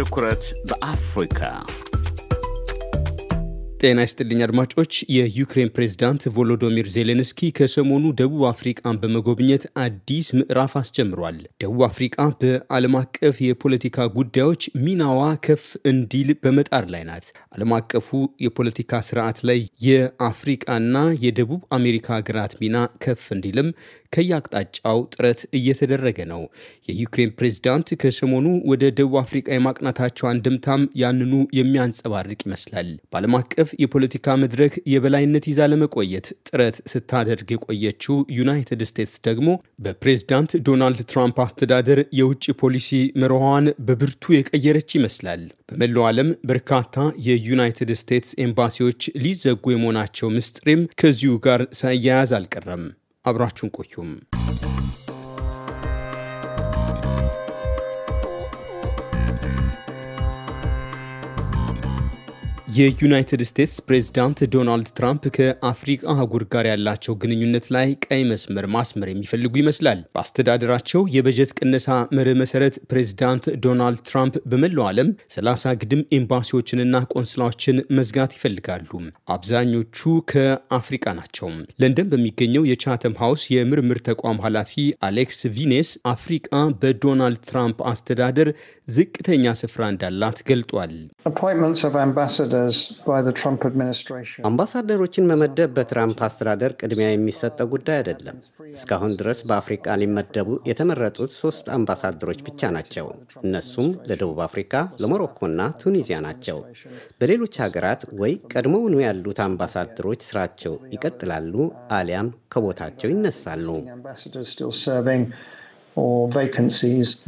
Aristocrat da África. ጤና ይስጥልኝ አድማጮች። የዩክሬን ፕሬዝዳንት ቮሎዶሚር ዜሌንስኪ ከሰሞኑ ደቡብ አፍሪቃን በመጎብኘት አዲስ ምዕራፍ አስጀምሯል። ደቡብ አፍሪቃ በዓለም አቀፍ የፖለቲካ ጉዳዮች ሚናዋ ከፍ እንዲል በመጣር ላይ ናት። ዓለም አቀፉ የፖለቲካ ስርዓት ላይ የአፍሪቃና የደቡብ አሜሪካ ሀገራት ሚና ከፍ እንዲልም ከየአቅጣጫው ጥረት እየተደረገ ነው። የዩክሬን ፕሬዝዳንት ከሰሞኑ ወደ ደቡብ አፍሪቃ የማቅናታቸው አንድምታም ያንኑ የሚያንጸባርቅ ይመስላል። በዓለም አቀፍ አቀፍ የፖለቲካ መድረክ የበላይነት ይዛ ለመቆየት ጥረት ስታደርግ የቆየችው ዩናይትድ ስቴትስ ደግሞ በፕሬዝዳንት ዶናልድ ትራምፕ አስተዳደር የውጭ ፖሊሲ መርሃዋን በብርቱ የቀየረች ይመስላል። በመላው ዓለም በርካታ የዩናይትድ ስቴትስ ኤምባሲዎች ሊዘጉ የመሆናቸው ምስጢርም ከዚሁ ጋር ሳያያዝ አልቀረም። አብራችሁን ቆዩም። የዩናይትድ ስቴትስ ፕሬዝዳንት ዶናልድ ትራምፕ ከአፍሪቃ አህጉር ጋር ያላቸው ግንኙነት ላይ ቀይ መስመር ማስመር የሚፈልጉ ይመስላል። በአስተዳደራቸው የበጀት ቅነሳ መርህ መሰረት ፕሬዝዳንት ዶናልድ ትራምፕ በመላው ዓለም 30 ግድም ኤምባሲዎችንና ቆንስላዎችን መዝጋት ይፈልጋሉ። አብዛኞቹ ከአፍሪቃ ናቸው። ለንደን በሚገኘው የቻተም ሀውስ የምርምር ተቋም ኃላፊ አሌክስ ቪኔስ አፍሪቃ በዶናልድ ትራምፕ አስተዳደር ዝቅተኛ ስፍራ እንዳላት ገልጧል። አምባሳደሮችን መመደብ በትራምፕ አስተዳደር ቅድሚያ የሚሰጠው ጉዳይ አይደለም። እስካሁን ድረስ በአፍሪቃ ሊመደቡ የተመረጡት ሶስት አምባሳደሮች ብቻ ናቸው። እነሱም ለደቡብ አፍሪካ፣ ለሞሮኮና ቱኒዚያ ናቸው። በሌሎች ሀገራት ወይ ቀድሞውኑ ያሉት አምባሳደሮች ስራቸው ይቀጥላሉ አሊያም ከቦታቸው ይነሳሉ።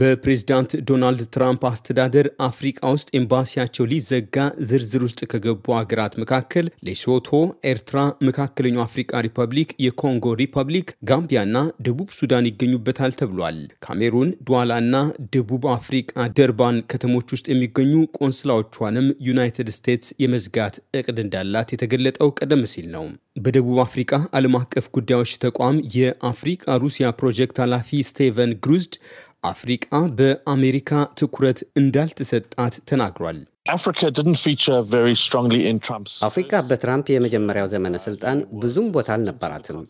በፕሬዝዳንት ዶናልድ ትራምፕ አስተዳደር አፍሪቃ ውስጥ ኤምባሲያቸው ሊዘጋ ዝርዝር ውስጥ ከገቡ ሀገራት መካከል ሌሶቶ፣ ኤርትራ፣ መካከለኛው አፍሪካ ሪፐብሊክ፣ የኮንጎ ሪፐብሊክ፣ ጋምቢያና ደቡብ ሱዳን ይገኙበታል ተብሏል። ካሜሩን ዱዋላና ደቡብ አፍሪቃ ደርባን ከተሞች ውስጥ የሚገኙ ቆንስላዎቿንም ዩናይትድ ስቴትስ የመዝጋት እቅድ እንዳላት የተገለጠው ቀደም ሲል ነው። በደቡብ አፍሪካ ዓለም አቀፍ ጉዳዮች ተቋም የአፍሪካ ሩሲያ ፕሮጀክት ኃላፊ ስቴቨን ግሩዝድ አፍሪቃ በአሜሪካ ትኩረት እንዳልተሰጣት ተናግሯል። አፍሪካ በትራምፕ የመጀመሪያው ዘመነ ስልጣን ብዙም ቦታ አልነበራትም።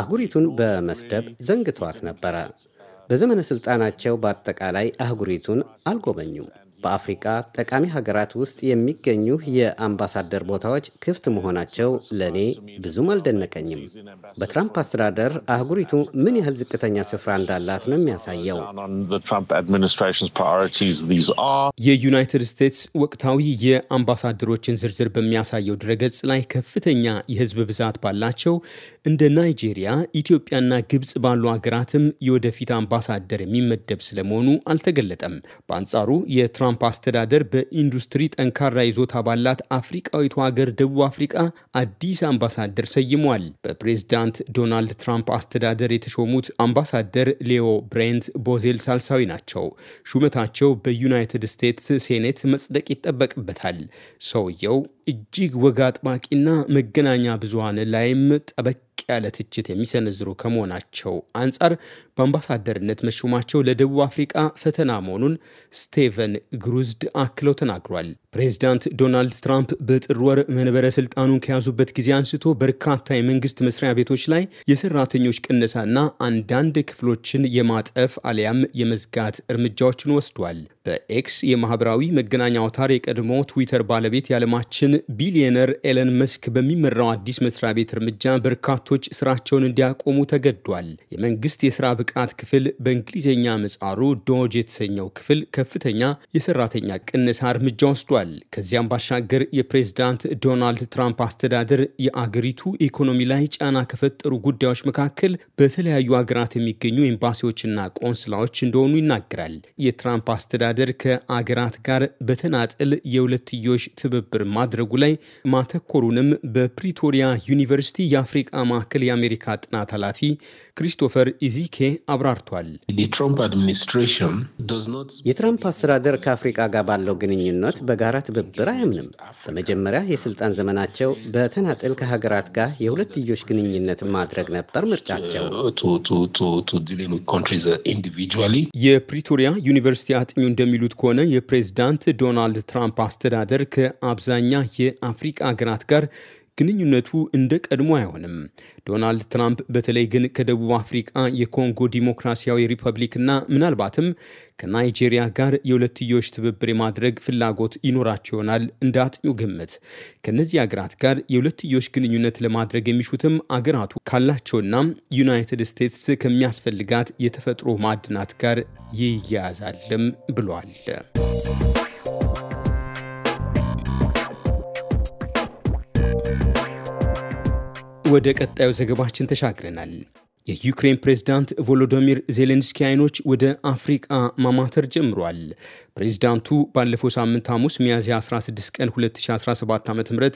አህጉሪቱን በመስደብ ዘንግቷት ነበረ። በዘመነ ስልጣናቸው በአጠቃላይ አህጉሪቱን አልጎበኙም። በአፍሪካ ጠቃሚ ሀገራት ውስጥ የሚገኙ የአምባሳደር ቦታዎች ክፍት መሆናቸው ለእኔ ብዙም አልደነቀኝም። በትራምፕ አስተዳደር አህጉሪቱ ምን ያህል ዝቅተኛ ስፍራ እንዳላት ነው የሚያሳየው። የዩናይትድ ስቴትስ ወቅታዊ የአምባሳደሮችን ዝርዝር በሚያሳየው ድረገጽ ላይ ከፍተኛ የህዝብ ብዛት ባላቸው እንደ ናይጄሪያ፣ ኢትዮጵያና ግብጽ ባሉ ሀገራትም የወደፊት አምባሳደር የሚመደብ ስለመሆኑ አልተገለጠም። በአንጻሩ የትራምፕ የትራምፕ አስተዳደር በኢንዱስትሪ ጠንካራ ይዞታ ባላት አፍሪቃዊቱ ሀገር ደቡብ አፍሪቃ አዲስ አምባሳደር ሰይሟል። በፕሬዝዳንት ዶናልድ ትራምፕ አስተዳደር የተሾሙት አምባሳደር ሌዮ ብሬንት ቦዜል ሳልሳዊ ናቸው። ሹመታቸው በዩናይትድ ስቴትስ ሴኔት መጽደቅ ይጠበቅበታል። ሰውየው እጅግ ወግ አጥባቂና መገናኛ ብዙሃን ላይም ጠበቅ ያለ ትችት የሚሰነዝሩ ከመሆናቸው አንጻር በአምባሳደርነት መሾማቸው ለደቡብ አፍሪቃ ፈተና መሆኑን ስቴቨን ግሩዝድ አክለው ተናግሯል። ፕሬዚዳንት ዶናልድ ትራምፕ በጥር ወር መንበረ ስልጣኑን ከያዙበት ጊዜ አንስቶ በርካታ የመንግስት መስሪያ ቤቶች ላይ የሰራተኞች ቅነሳና አንዳንድ ክፍሎችን የማጠፍ አሊያም የመዝጋት እርምጃዎችን ወስዷል። በኤክስ የማህበራዊ መገናኛ አውታር የቀድሞ ትዊተር ባለቤት የዓለማችን ቢሊየነር ኤለን መስክ በሚመራው አዲስ መስሪያ ቤት እርምጃ በርካታ ባለሀብቶች ስራቸውን እንዲያቆሙ ተገዷል። የመንግስት የስራ ብቃት ክፍል በእንግሊዝኛ ምጻሩ ዶጅ የተሰኘው ክፍል ከፍተኛ የሰራተኛ ቅነሳ እርምጃ ወስዷል። ከዚያም ባሻገር የፕሬዝዳንት ዶናልድ ትራምፕ አስተዳደር የአገሪቱ ኢኮኖሚ ላይ ጫና ከፈጠሩ ጉዳዮች መካከል በተለያዩ ሀገራት የሚገኙ ኤምባሲዎችና ቆንስላዎች እንደሆኑ ይናገራል። የትራምፕ አስተዳደር ከአገራት ጋር በተናጠል የሁለትዮሽ ትብብር ማድረጉ ላይ ማተኮሩንም በፕሪቶሪያ ዩኒቨርሲቲ የአፍሪቃ ማዕከል የአሜሪካ ጥናት ኃላፊ ክሪስቶፈር ኢዚኬ አብራርቷል። የትራምፕ አስተዳደር ከአፍሪቃ ጋር ባለው ግንኙነት በጋራ ትብብር አያምንም። በመጀመሪያ የስልጣን ዘመናቸው በተናጠል ከሀገራት ጋር የሁለትዮሽ ግንኙነት ማድረግ ነበር ምርጫቸው። uh, የፕሪቶሪያ ዩኒቨርሲቲ አጥኚው እንደሚሉት ከሆነ የፕሬዝዳንት ዶናልድ ትራምፕ አስተዳደር ከአብዛኛ የአፍሪቃ ሀገራት ጋር ግንኙነቱ እንደ ቀድሞ አይሆንም። ዶናልድ ትራምፕ በተለይ ግን ከደቡብ አፍሪቃ፣ የኮንጎ ዲሞክራሲያዊ ሪፐብሊክና ምናልባትም ከናይጄሪያ ጋር የሁለትዮሽ ትብብር የማድረግ ፍላጎት ይኖራቸው ይሆናል። እንደ አጥኙ ግምት ከእነዚህ አገራት ጋር የሁለትዮሽ ግንኙነት ለማድረግ የሚሹትም አገራቱ ካላቸውና ዩናይትድ ስቴትስ ከሚያስፈልጋት የተፈጥሮ ማዕድናት ጋር ይያያዛልም ብሏል። ወደ ቀጣዩ ዘገባችን ተሻግረናል። የዩክሬን ፕሬዝዳንት ቮሎዶሚር ዜሌንስኪ አይኖች ወደ አፍሪቃ ማማተር ጀምሯል። ፕሬዝዳንቱ ባለፈው ሳምንት ሐሙስ ሚያዝያ 16 ቀን 2017 ዓ ም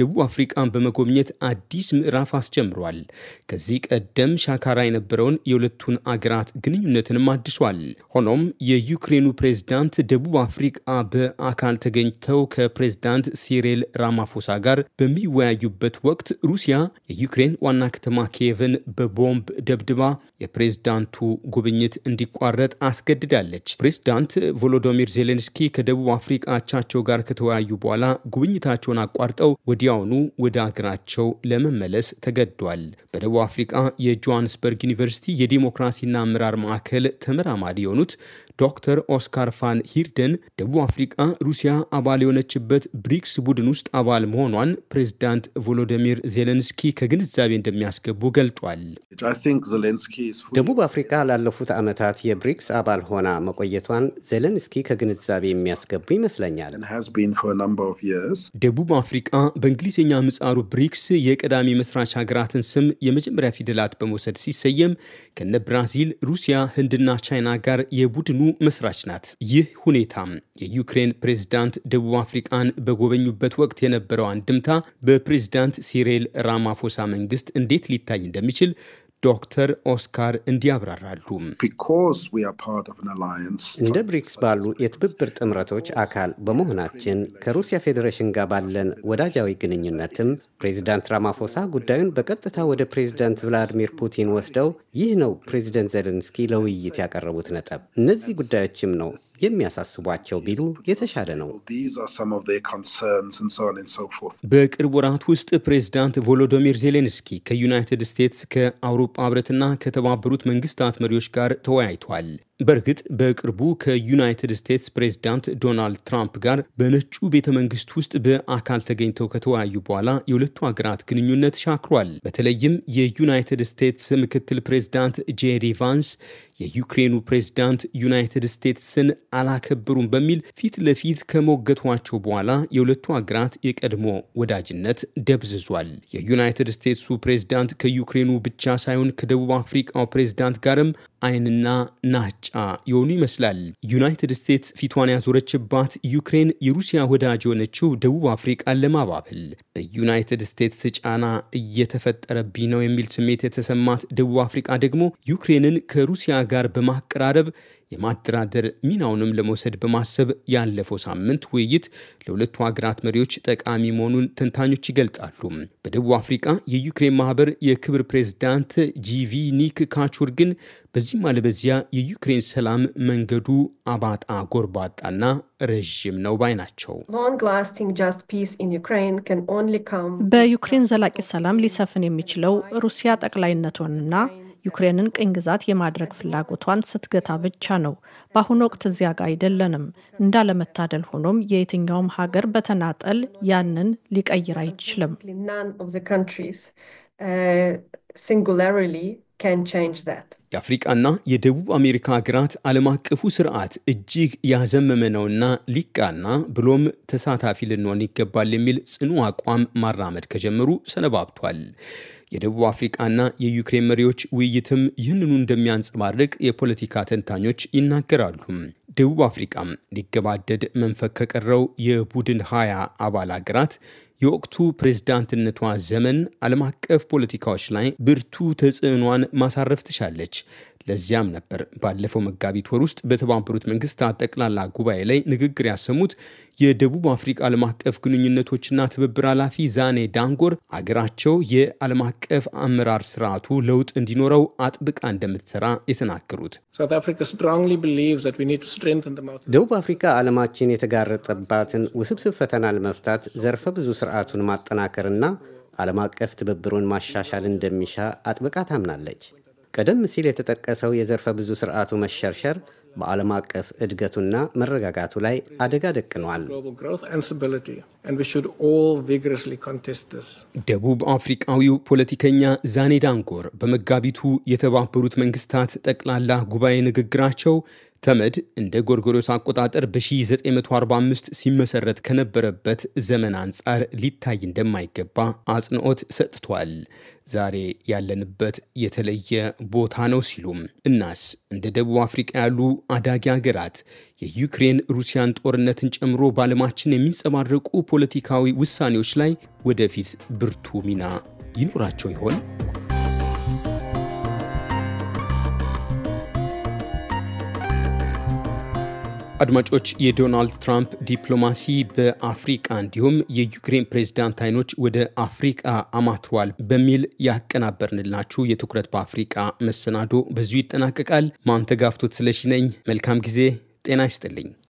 ደቡብ አፍሪቃን በመጎብኘት አዲስ ምዕራፍ አስጀምሯል። ከዚህ ቀደም ሻካራ የነበረውን የሁለቱን አገራት ግንኙነትንም አድሷል። ሆኖም የዩክሬኑ ፕሬዝዳንት ደቡብ አፍሪቃ በአካል ተገኝተው ከፕሬዝዳንት ሲሪል ራማፎሳ ጋር በሚወያዩበት ወቅት ሩሲያ የዩክሬን ዋና ከተማ ኪየቭን በቦምብ ደብድባ የፕሬዝዳንቱ ጉብኝት እንዲቋረጥ አስገድዳለች። ፕሬዝዳንት ቮሎዶሚር ዜሌንስኪ ከደቡብ አፍሪቃ አቻቸው ጋር ከተወያዩ በኋላ ጉብኝታቸውን አቋርጠው ወዲያውኑ ወደ አገራቸው ለመመለስ ተገዷል። በደቡብ አፍሪቃ የጆሃንስበርግ ዩኒቨርሲቲ የዲሞክራሲና አመራር ማዕከል ተመራማሪ የሆኑት ዶክተር ኦስካር ፋን ሂርደን ደቡብ አፍሪቃ ሩሲያ አባል የሆነችበት ብሪክስ ቡድን ውስጥ አባል መሆኗን ፕሬዚዳንት ቮሎዲሚር ዜሌንስኪ ከግንዛቤ እንደሚያስገቡ ገልጧል። ደቡብ አፍሪካ ላለፉት ዓመታት የብሪክስ አባል ሆና መቆየቷን ዜሌንስኪ ከግንዛቤ የሚያስገቡ ይመስለኛል። ደቡብ አፍሪቃ በእንግሊዝኛ ምጻሩ ብሪክስ የቀዳሚ መስራች ሀገራትን ስም የመጀመሪያ ፊደላት በመውሰድ ሲሰየም ከነ ብራዚል፣ ሩሲያ፣ ህንድና ቻይና ጋር የቡድኑ መስራች ናት። ይህ ሁኔታም የዩክሬን ፕሬዝዳንት ደቡብ አፍሪቃን በጎበኙበት ወቅት የነበረው አንድምታ በፕሬዝዳንት ሲሬል ራማፎሳ መንግስት እንዴት ሊታይ እንደሚችል ዶክተር ኦስካር እንዲያብራራሉ። እንደ ብሪክስ ባሉ የትብብር ጥምረቶች አካል በመሆናችን ከሩሲያ ፌዴሬሽን ጋር ባለን ወዳጃዊ ግንኙነትም ፕሬዚዳንት ራማፎሳ ጉዳዩን በቀጥታ ወደ ፕሬዚዳንት ቭላዲሚር ፑቲን ወስደው ይህ ነው ፕሬዚደንት ዘለንስኪ ለውይይት ያቀረቡት ነጥብ። እነዚህ ጉዳዮችም ነው የሚያሳስቧቸው ቢሉ የተሻለ ነው። በቅርብ ወራት ውስጥ ፕሬዝዳንት ቮሎዶሚር ዜሌንስኪ ከዩናይትድ ስቴትስ ከአውሮፓ ህብረትና ከተባበሩት መንግስታት መሪዎች ጋር ተወያይቷል። በእርግጥ በቅርቡ ከዩናይትድ ስቴትስ ፕሬዝዳንት ዶናልድ ትራምፕ ጋር በነጩ ቤተ መንግስት ውስጥ በአካል ተገኝተው ከተወያዩ በኋላ የሁለቱ ሀገራት ግንኙነት ሻክሯል። በተለይም የዩናይትድ ስቴትስ ምክትል ፕሬዝዳንት ጄሪ ቫንስ የዩክሬኑ ፕሬዝዳንት ዩናይትድ ስቴትስን አላከብሩም በሚል ፊት ለፊት ከሞገቷቸው በኋላ የሁለቱ ሀገራት የቀድሞ ወዳጅነት ደብዝዟል። የዩናይትድ ስቴትሱ ፕሬዝዳንት ከዩክሬኑ ብቻ ሳይሆን ከደቡብ አፍሪካው ፕሬዝዳንት ጋርም አይንና ናች መገለጫ የሆኑ ይመስላል። ዩናይትድ ስቴትስ ፊቷን ያዞረችባት ዩክሬን የሩሲያ ወዳጅ የሆነችው ደቡብ አፍሪቃን ለማባበል በዩናይትድ ስቴትስ ጫና እየተፈጠረብኝ ነው የሚል ስሜት የተሰማት ደቡብ አፍሪቃ ደግሞ ዩክሬንን ከሩሲያ ጋር በማቀራረብ የማደራደር ሚናውንም ለመውሰድ በማሰብ ያለፈው ሳምንት ውይይት ለሁለቱ ሀገራት መሪዎች ጠቃሚ መሆኑን ተንታኞች ይገልጣሉ። በደቡብ አፍሪካ የዩክሬን ማህበር የክብር ፕሬዝዳንት ኒክ ካቹር ግን በዚህም አለበዚያ የዩክሬን ሰላም መንገዱ አባጣ ጎርባጣና ረዥም ነው ባይ ናቸው። በዩክሬን ዘላቂ ሰላም ሊሰፍን የሚችለው ሩሲያ ጠቅላይነቱንና ዩክሬንን ቅኝ ግዛት የማድረግ ፍላጎቷን ስትገታ ብቻ ነው። በአሁኑ ወቅት እዚያ ጋር አይደለንም። እንዳለመታደል ሆኖም የየትኛውም ሀገር በተናጠል ያንን ሊቀይር አይችልም። የአፍሪቃና የደቡብ አሜሪካ ሀገራት ዓለም አቀፉ ስርዓት እጅግ ያዘመመ ነውና ሊቃና ብሎም ተሳታፊ ልንሆን ይገባል የሚል ጽኑ አቋም ማራመድ ከጀመሩ ሰነባብቷል። የደቡብ አፍሪቃና የዩክሬን መሪዎች ውይይትም ይህንኑ እንደሚያንጸባርቅ የፖለቲካ ተንታኞች ይናገራሉ። ደቡብ አፍሪቃ ሊገባደድ መንፈቅ ከቀረው የቡድን ሀያ አባል ሀገራት የወቅቱ ፕሬዝዳንትነቷ ዘመን ዓለም አቀፍ ፖለቲካዎች ላይ ብርቱ ተጽዕኗን ማሳረፍ ትሻለች። ለዚያም ነበር ባለፈው መጋቢት ወር ውስጥ በተባበሩት መንግስታት ጠቅላላ ጉባኤ ላይ ንግግር ያሰሙት የደቡብ አፍሪካ ዓለም አቀፍ ግንኙነቶችና ትብብር ኃላፊ ዛኔ ዳንጎር አገራቸው የዓለም አቀፍ አመራር ስርዓቱ ለውጥ እንዲኖረው አጥብቃ እንደምትሰራ የተናገሩት ደቡብ አፍሪካ ዓለማችን የተጋረጠባትን ውስብስብ ፈተና ለመፍታት ዘርፈ ብዙ ስርዓቱን ማጠናከርና ዓለም አቀፍ ትብብሩን ማሻሻል እንደሚሻ አጥብቃ ታምናለች። ቀደም ሲል የተጠቀሰው የዘርፈ ብዙ ስርዓቱ መሸርሸር በዓለም አቀፍ እድገቱና መረጋጋቱ ላይ አደጋ ደቅኗል። ደቡብ አፍሪቃዊው ፖለቲከኛ ዛኔ ዳንጎር በመጋቢቱ የተባበሩት መንግስታት ጠቅላላ ጉባኤ ንግግራቸው ተመድ እንደ ጎርጎሮስ አቆጣጠር በ1945 ሲመሰረት ከነበረበት ዘመን አንጻር ሊታይ እንደማይገባ አጽንኦት ሰጥቷል። ዛሬ ያለንበት የተለየ ቦታ ነው ሲሉም እናስ እንደ ደቡብ አፍሪቃ ያሉ አዳጊ ሀገራት የዩክሬን ሩሲያን ጦርነትን ጨምሮ በዓለማችን የሚንጸባረቁ ፖለቲካዊ ውሳኔዎች ላይ ወደፊት ብርቱ ሚና ይኖራቸው ይሆን? አድማጮች የዶናልድ ትራምፕ ዲፕሎማሲ በአፍሪቃ እንዲሁም የዩክሬን ፕሬዝዳንት አይኖች ወደ አፍሪቃ አማትሯል በሚል ያቀናበርንላችሁ የትኩረት በአፍሪቃ መሰናዶ በዚሁ ይጠናቀቃል። ማንተጋፍቶት ስለሺ ነኝ። መልካም ጊዜ። ጤና ይስጥልኝ።